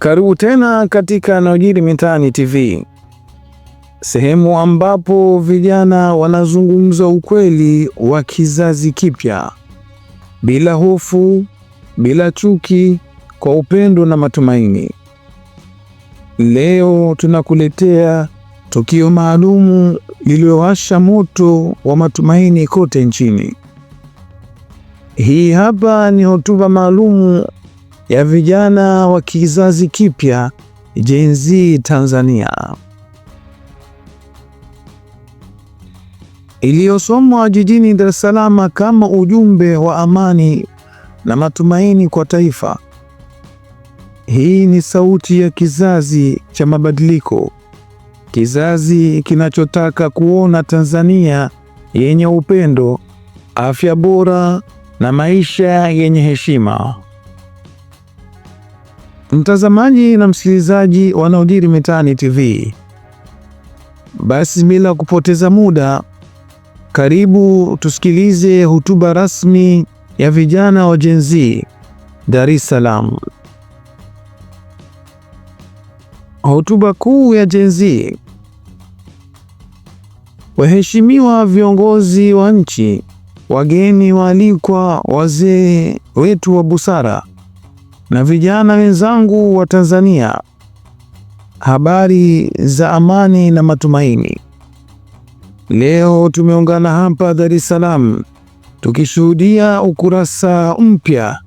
Karibu tena katika yanayojiri mitaani TV, sehemu ambapo vijana wanazungumza ukweli wa kizazi kipya bila hofu, bila chuki, kwa upendo na matumaini. Leo tunakuletea tukio maalumu lililowasha moto wa matumaini kote nchini. Hii hapa ni hotuba maalumu ya vijana wa kizazi kipya Gen Z Tanzania iliyosomwa jijini Dar es Salaam kama ujumbe wa amani na matumaini kwa taifa. Hii ni sauti ya kizazi cha mabadiliko, kizazi kinachotaka kuona Tanzania yenye upendo, afya bora na maisha yenye heshima. Mtazamaji na msikilizaji wa yanayojiri mitaani TV, basi bila kupoteza muda, karibu tusikilize hotuba rasmi ya vijana wa Gen Z Dar es Salaam. Hotuba kuu ya Gen Z. Waheshimiwa viongozi wa nchi, wageni waalikwa, wazee wetu wa busara na vijana wenzangu wa Tanzania habari za amani na matumaini. Leo tumeungana hapa Dar es Salaam tukishuhudia ukurasa mpya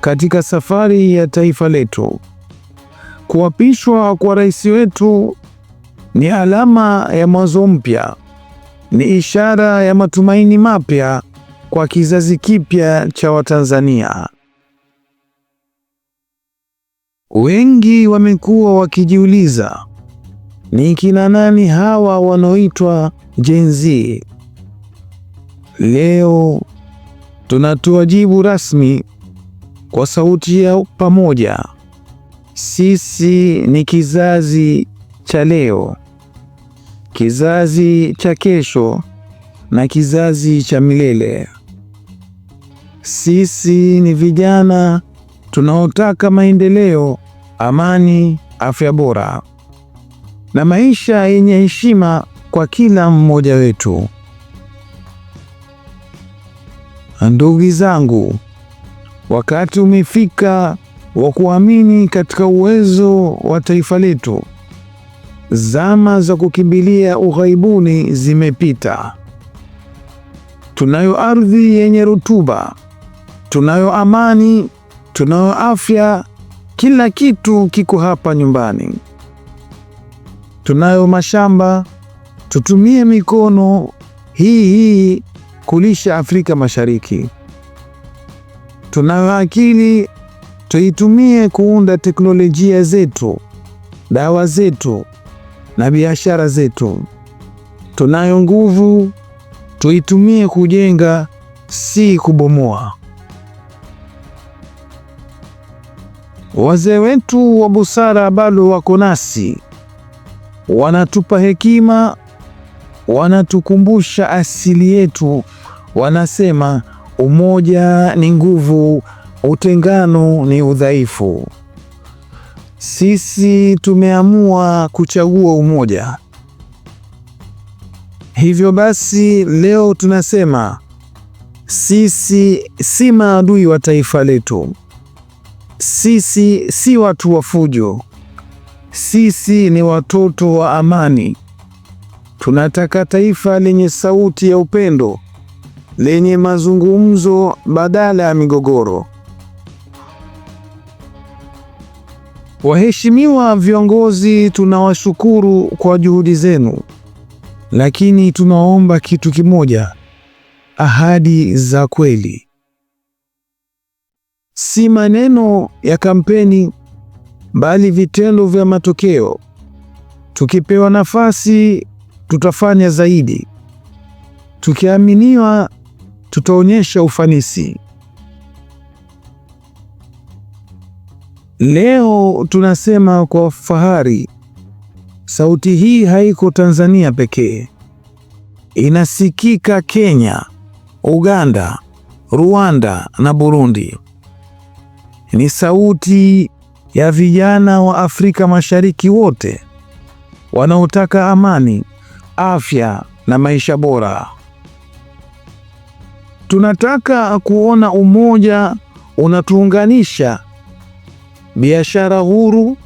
katika safari ya taifa letu. Kuapishwa kwa rais wetu ni alama ya mwanzo mpya, ni ishara ya matumaini mapya kwa kizazi kipya cha Watanzania. Wengi wamekuwa wakijiuliza ni kina nani hawa wanaoitwa Gen Z? Leo tunatoa jibu rasmi kwa sauti ya pamoja. Sisi ni kizazi cha leo, kizazi cha kesho na kizazi cha milele. Sisi ni vijana tunaotaka maendeleo, amani, afya bora na maisha yenye heshima kwa kila mmoja wetu. Ndugu zangu, wakati umefika wa kuamini katika uwezo wa taifa letu. Zama za kukimbilia ughaibuni zimepita. Tunayo ardhi yenye rutuba, tunayo amani tunao afya, kila kitu kiko hapa nyumbani, tunayo mashamba. Tutumie mikono hii hii kulisha Afrika Mashariki. Tunayo akili, tuitumie kuunda teknolojia zetu, dawa zetu na biashara zetu. Tunayo nguvu, tuitumie kujenga, si kubomoa. Wazee wetu wa busara bado wako nasi, wanatupa hekima, wanatukumbusha asili yetu. Wanasema umoja ni nguvu, utengano ni udhaifu. Sisi tumeamua kuchagua umoja. Hivyo basi, leo tunasema sisi si maadui wa taifa letu. Sisi si watu wa fujo, sisi ni watoto wa amani. Tunataka taifa lenye sauti ya upendo, lenye mazungumzo badala ya migogoro. Waheshimiwa viongozi, tunawashukuru kwa juhudi zenu, lakini tunaomba kitu kimoja: ahadi za kweli si maneno ya kampeni, bali vitendo vya matokeo. Tukipewa nafasi, tutafanya zaidi. Tukiaminiwa, tutaonyesha ufanisi. Leo tunasema kwa fahari, sauti hii haiko Tanzania pekee, inasikika Kenya, Uganda, Rwanda na Burundi ni sauti ya vijana wa Afrika Mashariki wote wanaotaka amani, afya na maisha bora. Tunataka kuona umoja unatuunganisha, biashara huru,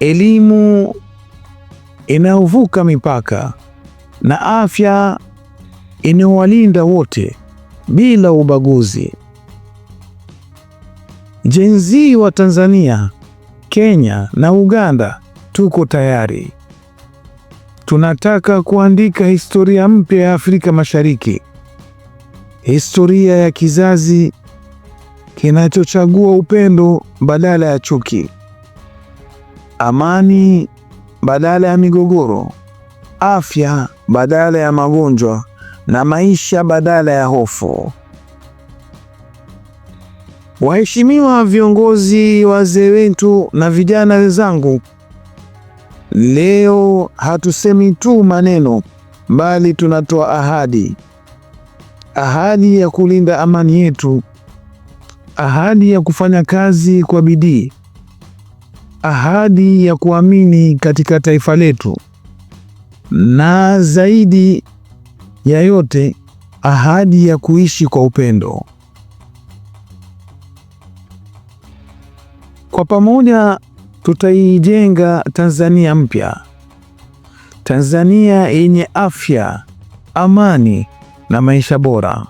elimu inayovuka mipaka na afya inayowalinda wote bila ubaguzi. Jenzi wa Tanzania, Kenya na Uganda tuko tayari. Tunataka kuandika historia mpya ya Afrika Mashariki, historia ya kizazi kinachochagua upendo badala ya chuki, amani badala ya migogoro, afya badala ya magonjwa na maisha badala ya hofu. Waheshimiwa viongozi, wazee wetu na vijana wenzangu, leo hatusemi tu maneno, bali tunatoa ahadi, ahadi ya kulinda amani yetu, ahadi ya kufanya kazi kwa bidii, ahadi ya kuamini katika taifa letu, na zaidi ya yote, ahadi ya kuishi kwa upendo. Kwa pamoja tutaijenga Tanzania mpya, Tanzania yenye afya, amani na maisha bora.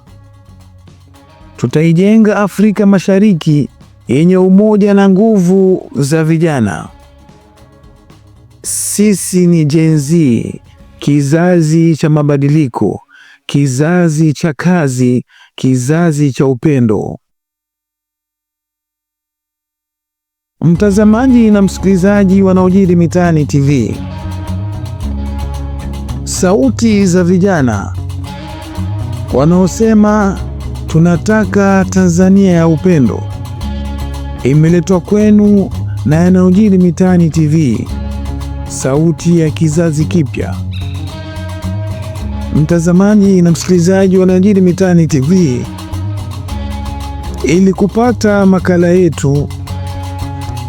Tutaijenga Afrika Mashariki yenye umoja na nguvu za vijana. Sisi ni Gen Z, kizazi cha mabadiliko, kizazi cha kazi, kizazi cha upendo. Mtazamaji na msikilizaji wanaojiri mitaani TV, sauti za vijana wanaosema tunataka Tanzania ya upendo imeletwa kwenu na yanayojiri mitaani TV, sauti ya kizazi kipya. Mtazamaji na msikilizaji yanayojiri mitaani TV, ili kupata makala yetu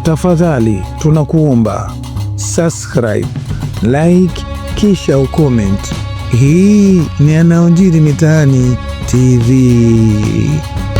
Tafadhali tunakuomba subscribe, like kisha ucomment. Hii ni yanayojiri mitaani TV.